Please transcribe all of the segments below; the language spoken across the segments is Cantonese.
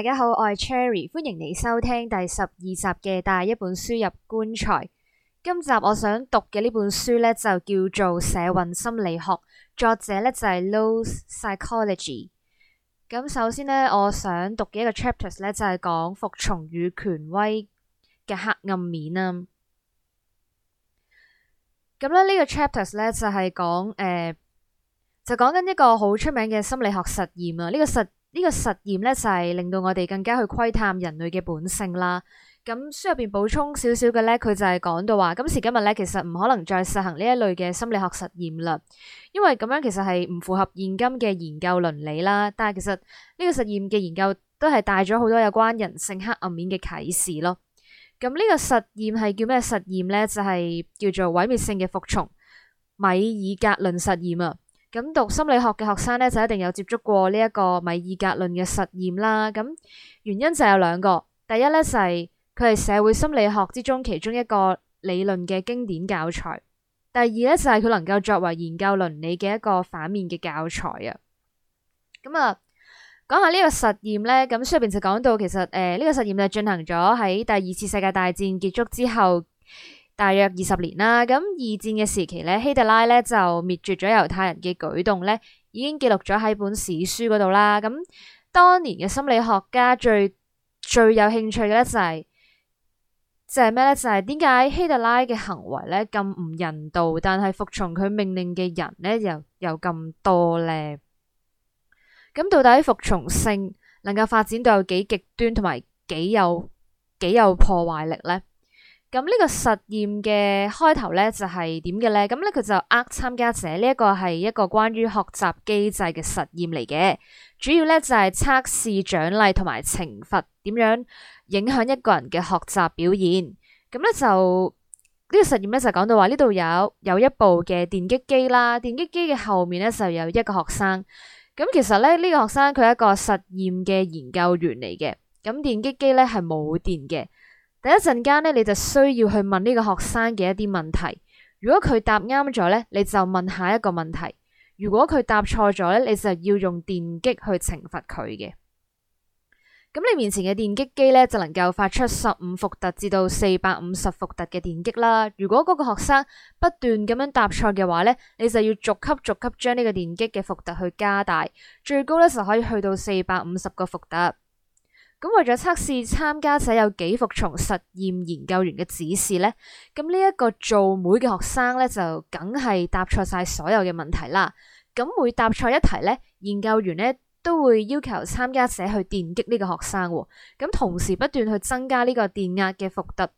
大家好，我係 Cherry，歡迎你收聽第十二集嘅帶一本書入棺材。今集我想讀嘅呢本書咧就叫做《社運心理學》，作者咧就係 Lo's Psychology。咁首先咧，我想讀嘅一個 chapters 咧就係講服從與權威嘅黑暗面啊。咁咧呢個 chapters 咧就係講誒、呃，就講緊一個好出名嘅心理學實驗啊。呢個實呢個實驗咧就係、是、令到我哋更加去窺探人類嘅本性啦。咁書入邊補充少少嘅咧，佢就係講到話，今時今日咧其實唔可能再實行呢一類嘅心理學實驗啦，因為咁樣其實係唔符合現今嘅研究倫理啦。但係其實呢個實驗嘅研究都係帶咗好多有關人性黑暗面嘅啟示咯。咁呢個實驗係叫咩實驗咧？就係、是、叫做毀滅性嘅服從——米爾格倫實驗啊。咁讀心理學嘅學生咧就一定有接觸過呢一個米爾格倫嘅實驗啦。咁原因就有兩個，第一咧就係佢係社會心理學之中其中一個理論嘅經典教材，第二咧就係、是、佢能夠作為研究倫理嘅一個反面嘅教材啊。咁、嗯、啊，講下呢個實驗咧，咁書入邊就講到其實誒呢、呃呢個實驗就進行咗喺第二次世界大戰結束之後。大約二十年啦，咁二戰嘅時期咧，希特拉咧就滅絕咗猶太人嘅舉動咧，已經記錄咗喺本史書嗰度啦。咁當年嘅心理學家最最有興趣嘅咧就係就係咩咧？就係點解希特拉嘅行為咧咁唔人道，但係服從佢命令嘅人咧又又咁多咧？咁到底服從性能夠發展到有幾極端，同埋幾有幾有破壞力咧？咁呢個實驗嘅開頭咧就係點嘅咧？咁咧佢就呃參加者呢一個係一個關於學習機制嘅實驗嚟嘅，主要咧就係測試獎勵同埋懲罰點樣影響一個人嘅學習表現。咁咧就呢個實驗咧就講到話呢度有有一部嘅電擊機啦，電擊機嘅後面咧就有一個學生。咁其實咧呢個學生佢係一個實驗嘅研究員嚟嘅。咁電擊機咧係冇電嘅。第一陣間咧，你就需要去問呢個學生嘅一啲問題。如果佢答啱咗咧，你就問下一個問題；如果佢答錯咗咧，你就要用電擊去懲罰佢嘅。咁你面前嘅電擊機咧，就能夠發出十五伏特至到四百五十伏特嘅電擊啦。如果嗰個學生不斷咁樣答錯嘅話咧，你就要逐級逐級將呢個電擊嘅伏特去加大，最高咧就可以去到四百五十個伏特。咁為咗測試參加者有幾服從實驗研究員嘅指示咧，咁呢一個做每嘅學生咧就梗係答錯晒所有嘅問題啦。咁每答錯一題呢，研究員呢，都會要求參加者去電擊呢個學生，啊，咁同時不斷去增加呢個電壓嘅伏特。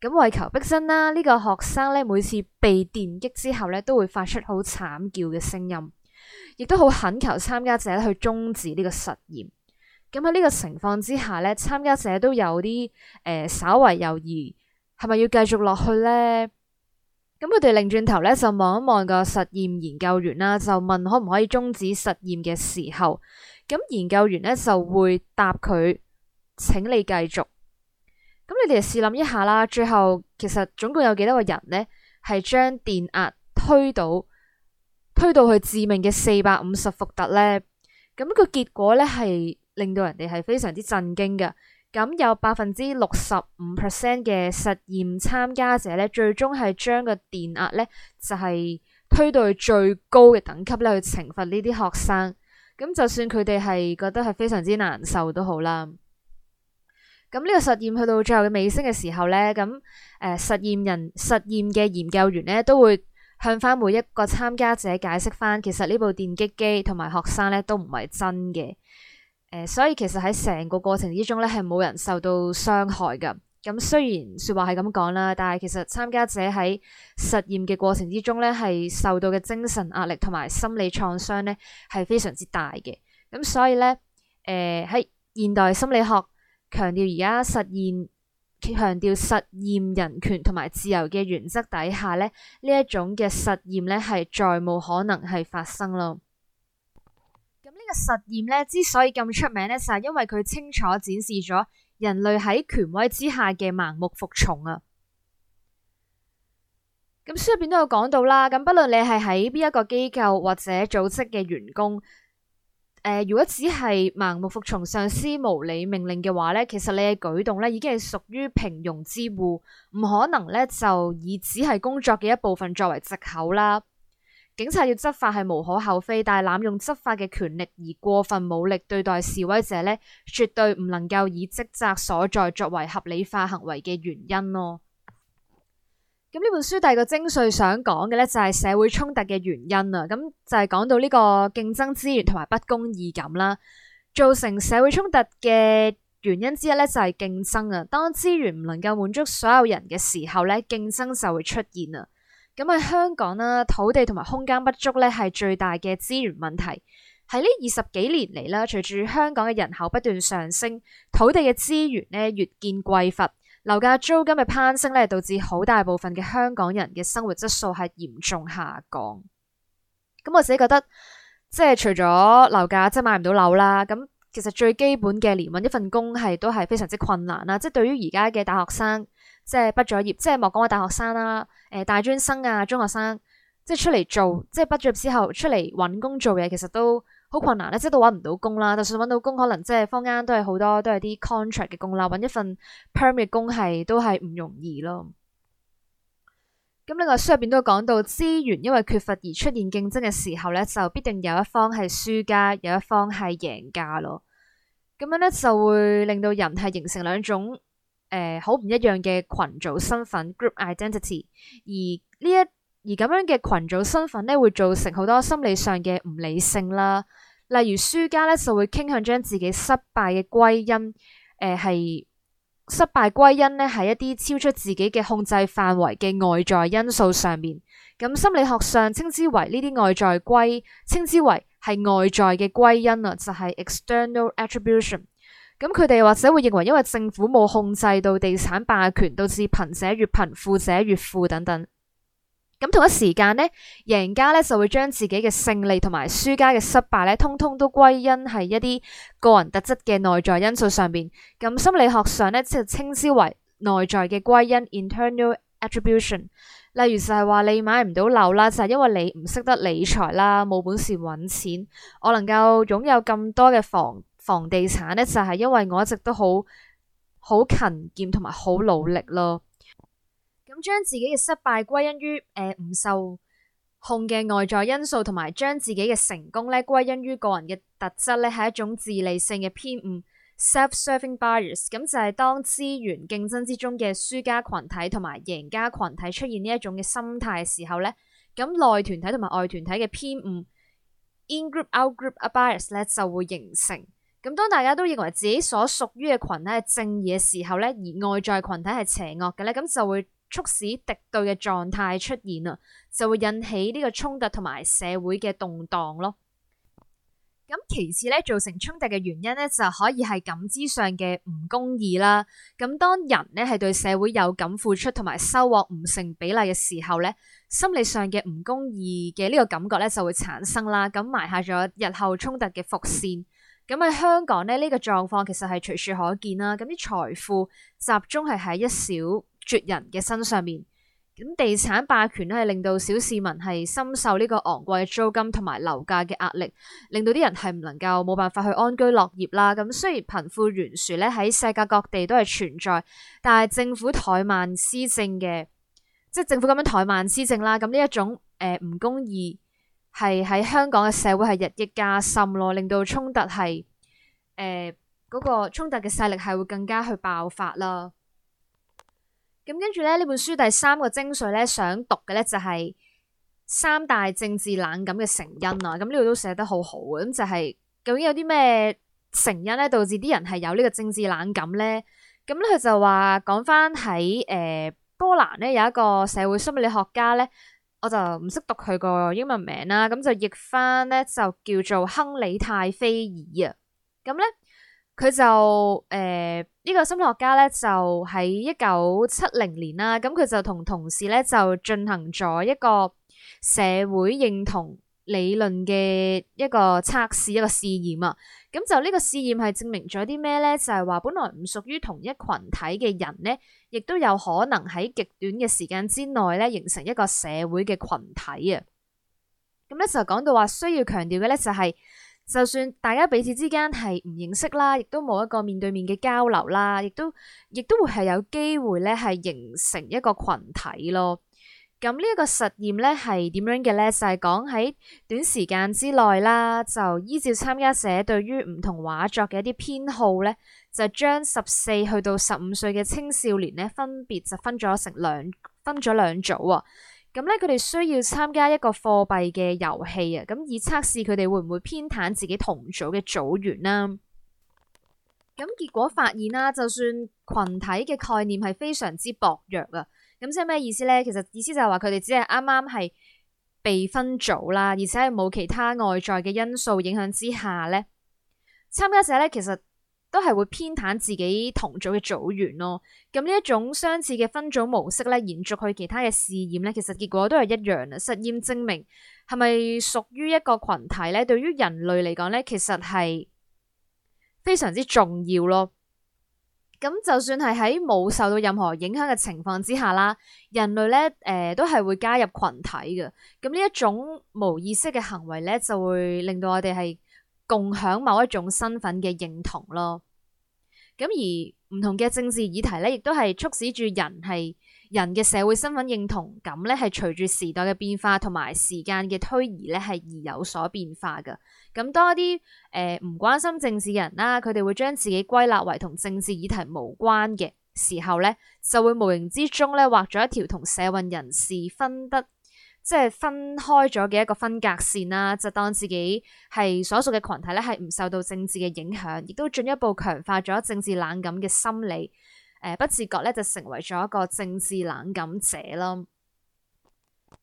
咁為求逼真啦、啊，呢、這個學生咧每次被電擊之後咧都會發出好慘叫嘅聲音，亦都好懇求參加者去終止呢個實驗。咁喺呢個情況之下咧，參加者都有啲誒、呃，稍為猶豫，係咪要繼續落去咧？咁佢哋擰轉頭咧，就望一望個實驗研究員啦，就問可唔可以終止實驗嘅時候，咁研究員咧就會答佢，請你繼續。咁你哋試諗一下啦，最後其實總共有幾多個人咧，係將電壓推到推到去致命嘅四百五十伏特咧？咁、個結果咧係？令到人哋係非常之震驚嘅，咁有百分之六十五 percent 嘅實驗參加者咧，最終係將個電壓咧就係推到去最高嘅等級咧去懲罰呢啲學生，咁就算佢哋係覺得係非常之難受都好啦。咁呢個實驗去到最後嘅尾聲嘅時候咧、呃，咁誒實驗人實驗嘅研究員咧都會向翻每一個參加者解釋翻，其實呢部電擊機同埋學生咧都唔係真嘅。誒、呃，所以其實喺成個過程之中咧，係冇人受到傷害噶。咁雖然說話係咁講啦，但係其實參加者喺實驗嘅過程之中咧，係受到嘅精神壓力同埋心理創傷咧，係非常之大嘅。咁所以咧，誒、呃、喺現代心理學強調而家實驗，強調實驗人權同埋自由嘅原則底下咧，呢一種嘅實驗咧係再冇可能係發生咯。實驗咧之所以咁出名咧，就係、是、因為佢清楚展示咗人類喺權威之下嘅盲目服從啊！咁書入邊都有講到啦，咁不論你係喺邊一個機構或者組織嘅員工，誒、呃，如果只係盲目服從上司無理命令嘅話咧，其實你嘅舉動咧已經係屬於平庸之惡，唔可能咧就以只係工作嘅一部分作為借口啦。警察要執法係無可厚非，但係濫用執法嘅權力而過分武力對待示威者呢，絕對唔能夠以職責所在作為合理化行為嘅原因咯。咁呢本書第二個精髓想講嘅呢，就係社會衝突嘅原因啊。咁就係講到呢個競爭資源同埋不公義感啦，造成社會衝突嘅原因之一呢，就係競爭啊。當資源唔能夠滿足所有人嘅時候呢，競爭就會出現啊。咁喺香港咧，土地同埋空間不足咧，係最大嘅資源問題。喺呢二十幾年嚟啦，隨住香港嘅人口不斷上升，土地嘅資源咧越見匱乏，樓價租金嘅攀升咧導致好大部分嘅香港人嘅生活質素係嚴重下降。咁我自己覺得，即係除咗樓價即係買唔到樓啦，咁其實最基本嘅連搵一份工係都係非常之困難啦。即係對於而家嘅大學生。即係畢咗業，即係莫講話大學生啦，誒、呃、大專生啊，中學生，即係出嚟做，即係畢咗業之後出嚟搵工做嘢，其實都好困難咧，即係都搵唔到工啦。就算搵到工，可能即係坊間都係好多，都係啲 contract 嘅工啦，搵一份 permit 工係都係唔容易咯。咁呢個書入邊都講到，資源因為缺乏而出現競爭嘅時候咧，就必定有一方係輸家，有一方係贏家咯。咁樣咧就會令到人係形成兩種。誒，好唔、呃、一樣嘅群組身份 （group identity），而呢一而咁樣嘅群組身份咧，會造成好多心理上嘅唔理性啦。例如輸家咧就會傾向將自己失敗嘅歸因，誒、呃、係失敗歸因咧係一啲超出自己嘅控制範圍嘅外在因素上面。咁心理學上稱之為呢啲外在歸，稱之為係外在嘅歸因啦，就係、是、external attribution。咁佢哋或者會認為，因為政府冇控制到地產霸權，導致貧者越貧、富者越富等等。咁同一時間呢，贏家咧就會將自己嘅勝利同埋輸家嘅失敗咧，通通都歸因喺一啲個人特質嘅內在因素上邊。咁心理學上咧，即係稱之為內在嘅歸因 （internal attribution）。例如就係話你買唔到樓啦，就係因為你唔識得理財啦，冇本事揾錢。我能夠擁有咁多嘅房。房地產咧就係、是、因為我一直都好好勤儉同埋好努力咯。咁將自己嘅失敗歸因於誒唔、呃、受控嘅外在因素，同埋將自己嘅成功咧歸因於個人嘅特質咧，係一種自利性嘅偏誤 （self-serving bias）。咁就係當資源競爭之中嘅輸家群體同埋贏家群體出現呢一種嘅心態嘅時候咧，咁內團體同埋外團體嘅偏誤 （in-group out-group A bias） 咧就會形成。咁當大家都認為自己所屬於嘅群體係正義嘅時候咧，而外在群體係邪惡嘅咧，咁就會促使敵對嘅狀態出現啊，就會引起呢個衝突同埋社會嘅動盪咯。咁其次咧，造成衝突嘅原因咧，就可以係感知上嘅唔公義啦。咁當人咧係對社會有感付出同埋收穫唔成比例嘅時候咧，心理上嘅唔公義嘅呢個感覺咧就會產生啦，咁埋下咗日後衝突嘅伏線。咁喺香港咧，呢、這個狀況其實係隨處可見啦。咁啲財富集中係喺一小撮人嘅身上面，咁地產霸權咧係令到小市民係深受呢個昂貴嘅租金同埋樓價嘅壓力，令到啲人係唔能夠冇辦法去安居落業啦。咁雖然貧富懸殊咧喺世界各地都係存在，但係政府怠慢施政嘅，即係政府咁樣怠慢施政啦。咁呢一種誒、呃、唔公義。係喺香港嘅社會係日益加深咯，令到衝突係誒嗰個衝突嘅勢力係會更加去爆發啦。咁跟住咧呢本書第三個精髓咧想讀嘅咧就係、是、三大政治冷感嘅成因啊！咁呢度都寫得好好啊！咁就係、是、究竟有啲咩成因咧導致啲人係有呢個政治冷感咧？咁咧佢就話講翻喺誒波蘭咧有一個社會心理理學家咧。我就唔識讀佢個英文名啦，咁就譯翻咧就叫做亨利泰菲爾啊，咁咧佢就誒呢、呃這個心理學家咧就喺一九七零年啦，咁佢就同同事咧就進行咗一個社會認同。理論嘅一個測試一個試驗啊，咁就呢個試驗係證明咗啲咩咧？就係話本來唔屬於同一群體嘅人咧，亦都有可能喺極短嘅時間之內咧形成一個社會嘅群體啊。咁咧就講到話需要強調嘅咧就係，就算大家彼此之間係唔認識啦，亦都冇一個面對面嘅交流啦，亦都亦都會係有機會咧係形成一個群體咯。咁呢一個實驗咧係點樣嘅咧？就係講喺短時間之內啦，就依照參加者對於唔同畫作嘅一啲偏好咧，就將十四去到十五歲嘅青少年咧，分別就分咗成兩分咗兩組啊。咁咧，佢哋需要參加一個貨幣嘅遊戲啊。咁以測試佢哋會唔會偏袒自己同組嘅組員啦。咁結果發現啦，就算群體嘅概念係非常之薄弱啊。咁即係咩意思咧？其實意思就係話佢哋只係啱啱係被分組啦，而且係冇其他外在嘅因素影響之下咧，參加者咧其實都係會偏袒自己同組嘅組員咯。咁呢一種相似嘅分組模式咧，延續去其他嘅試驗咧，其實結果都係一樣啊！實驗證明係咪屬於一個群體咧？對於人類嚟講咧，其實係非常之重要咯。咁就算係喺冇受到任何影響嘅情況之下啦，人類咧誒、呃、都係會加入群體嘅。咁呢一種無意識嘅行為咧，就會令到我哋係共享某一種身份嘅認同咯。咁而唔同嘅政治議題咧，亦都係促使住人係。人嘅社會身份認同感咧，係隨住時代嘅變化同埋時間嘅推移咧，係而有所變化㗎。咁多啲誒唔關心政治嘅人啦、啊，佢哋會將自己歸納為同政治議題無關嘅時候咧，就會無形之中咧畫咗一條同社運人士分得即係分開咗嘅一個分隔線啦、啊，就當自己係所屬嘅群體咧係唔受到政治嘅影響，亦都進一步強化咗政治冷感嘅心理。誒、呃、不自覺咧就成為咗一個政治冷感者啦。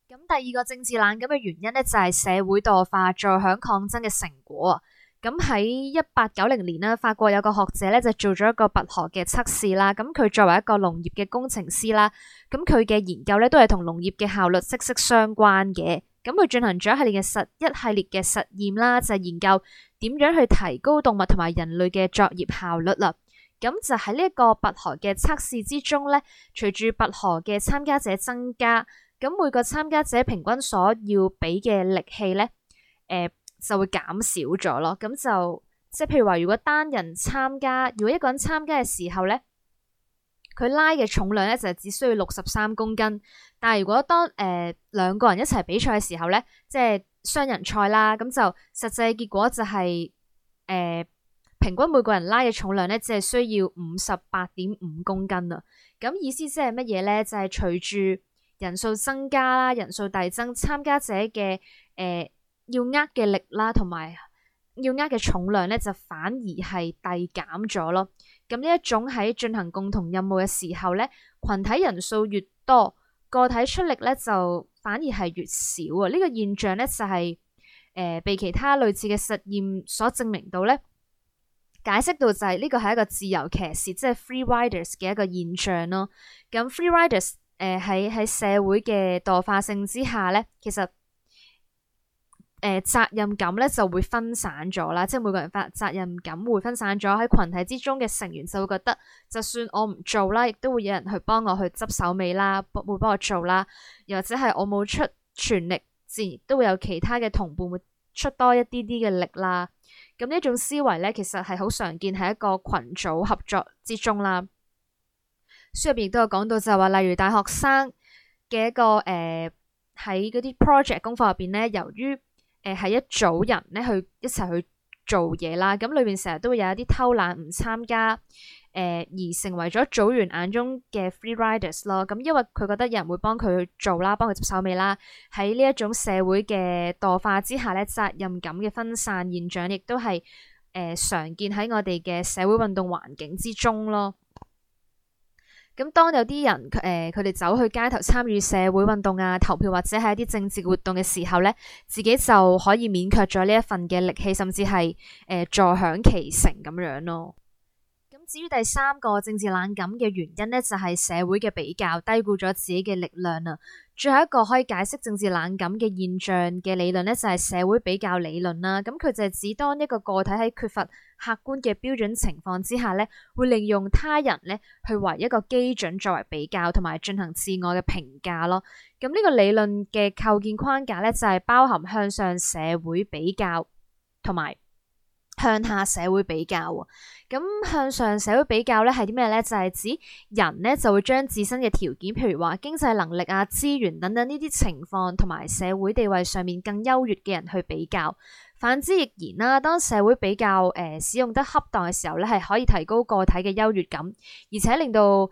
咁第二個政治冷感嘅原因呢，就係、是、社會惰化再享抗爭嘅成果啊。咁喺一八九零年呢，法國有個學者咧就做咗一個拔河嘅測試啦。咁佢作為一個農業嘅工程師啦，咁佢嘅研究咧都係同農業嘅效率息息相關嘅。咁佢進行咗一系列嘅實一系列嘅實驗啦，就係、研究點樣去提高動物同埋人類嘅作業效率啦。咁就喺呢一個拔河嘅測試之中咧，隨住拔河嘅參加者增加，咁每個參加者平均所要俾嘅力氣咧，誒、呃、就會減少咗咯。咁就即係譬如話，如果單人參加，如果一個人參加嘅時候咧，佢拉嘅重量咧就只需要六十三公斤。但係如果當誒、呃、兩個人一齊比賽嘅時候咧，即係雙人賽啦，咁就實際嘅結果就係、是、誒。呃平均每個人拉嘅重量咧，只係需要五十八點五公斤啊！咁意思即係乜嘢咧？就係隨住人數增加啦，人數遞增，參加者嘅誒、呃、要呃嘅力啦，同埋要呃嘅重量咧，就反而係遞減咗咯。咁呢一種喺進行共同任務嘅時候咧，群體人數越多，個體出力咧就反而係越少啊！呢、這個現象咧就係、是、誒、呃、被其他類似嘅實驗所證明到咧。解釋到就係呢個係一個自由騎士，即係 free riders 嘅一個現象咯。咁 free riders 誒喺喺社會嘅惰化性之下咧，其實誒、呃、責任感咧就會分散咗啦，即係每個人發責任感會分散咗，喺群體之中嘅成員就會覺得，就算我唔做啦，亦都會有人去幫我去執手尾啦，會幫我做啦。又或者係我冇出全力，自然都會有其他嘅同伴會出多一啲啲嘅力啦。咁呢一種思維咧，其實係好常見喺一個群組合作之中啦。書入邊都有講到，就係話，例如大學生嘅一個誒，喺、呃、嗰啲 project 功課入邊咧，由於誒喺一組人咧去一齊去。做嘢啦，咁裏邊成日都會有一啲偷懶唔參加，誒、呃、而成為咗組員眼中嘅 free riders 咯。咁因為佢覺得有人會幫佢去做啦，幫佢執手尾啦。喺呢一種社會嘅墮化之下咧，責任感嘅分散現象亦都係誒常見喺我哋嘅社會運動環境之中咯。咁當有啲人佢佢哋走去街頭參與社會運動啊、投票或者係一啲政治活動嘅時候咧，自己就可以勉強咗呢一份嘅力氣，甚至係誒、呃、坐享其成咁樣咯。咁至於第三個政治冷感嘅原因咧，就係社會嘅比較低估咗自己嘅力量啦。最後一個可以解釋政治冷感嘅現象嘅理論咧，就係社會比較理論啦。咁佢就係指當一個個體喺缺乏客觀嘅標準情況之下咧，會利用他人咧去為一個基準作為比較，同埋進行自我嘅評價咯。咁呢個理論嘅構建框架咧，就係包含向上社會比較同埋向下社會比較。咁向上社會比較咧係啲咩咧？就係指人咧就會將自身嘅條件，譬如話經濟能力啊、資源等等呢啲情況，同埋社會地位上面更優越嘅人去比較。反之亦然啦。當社會比較誒、呃、使用得恰當嘅時候咧，係可以提高個體嘅優越感，而且令到誒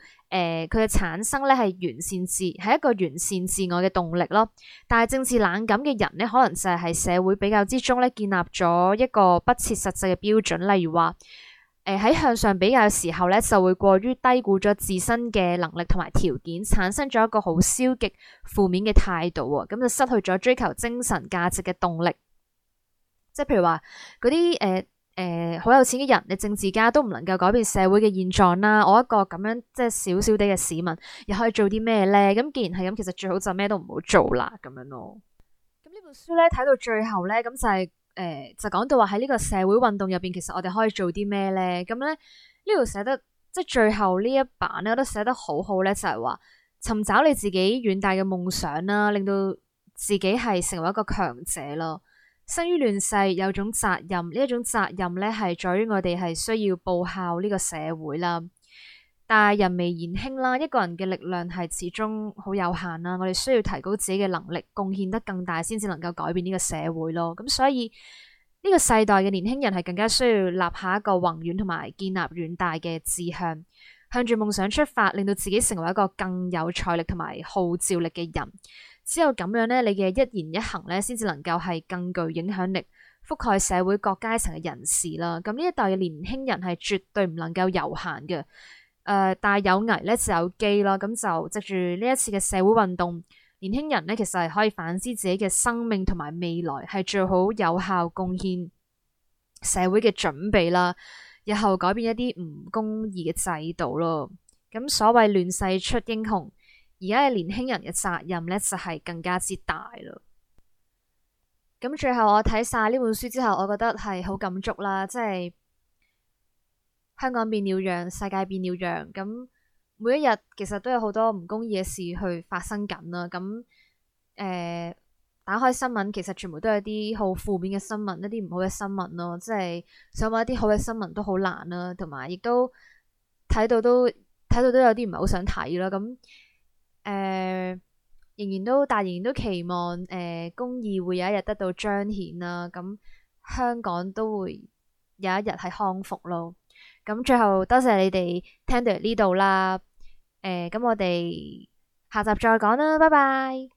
佢嘅產生咧係完善自係一個完善自我嘅動力咯。但係政治冷感嘅人咧，可能就係社會比較之中咧建立咗一個不切實際嘅標準，例如話誒喺向上比較嘅時候咧，就會過於低估咗自身嘅能力同埋條件，產生咗一個好消極負面嘅態度，咁就失去咗追求精神價值嘅動力。即係譬如話嗰啲誒誒好有錢嘅人，你政治家都唔能夠改變社會嘅現狀啦。我一個咁樣即係少少啲嘅市民，又可以做啲咩咧？咁既然係咁，其實最好就咩都唔好做啦，咁樣咯。咁呢本書咧睇到最後咧，咁就係、是、誒、呃、就講到話喺呢個社會運動入邊，其實我哋可以做啲咩咧？咁咧呢度寫得即係最後呢一版咧，我覺得寫得好好咧，就係話尋找你自己遠大嘅夢想啦，令到自己係成為一個強者咯。生於亂世，有種責任。呢一種責任咧，係在於我哋係需要報效呢個社會啦。但係人微言輕啦，一個人嘅力量係始終好有限啦。我哋需要提高自己嘅能力，貢獻得更大，先至能夠改變呢個社會咯。咁所以呢個世代嘅年輕人係更加需要立下一個宏遠同埋建立遠大嘅志向，向住夢想出發，令到自己成為一個更有財力同埋號召力嘅人。只有咁樣咧，你嘅一言一行咧，先至能夠係更具影響力，覆蓋社會各階層嘅人士啦。咁呢一代嘅年輕人係絕對唔能夠遊閒嘅。誒，但係有危咧就有機啦。咁就藉住呢一次嘅社會運動，年輕人咧其實係可以反思自己嘅生命同埋未來，係做好有效貢獻社會嘅準備啦。日後改變一啲唔公義嘅制度咯。咁所謂亂世出英雄。而家嘅年輕人嘅責任咧，就係、是、更加之大咯。咁最後我睇晒呢本書之後，我覺得係好感觸啦，即係香港變了樣，世界變了樣。咁每一日其實都有好多唔公義嘅事去發生緊啦。咁誒、呃，打開新聞其實全部都有啲好負面嘅新聞，一啲唔好嘅新聞咯。即係想揾一啲好嘅新聞都好難啦，同埋亦都睇到都睇到都有啲唔係好想睇啦。咁誒，uh, 仍然都，但仍然都期望，誒、uh，公義會有一日得到彰顯啦，啊。咁香港都會有一日係康復咯，啊。咁最後多謝你哋聽到嚟呢度啦。誒，咁我哋下集再講啦。拜拜。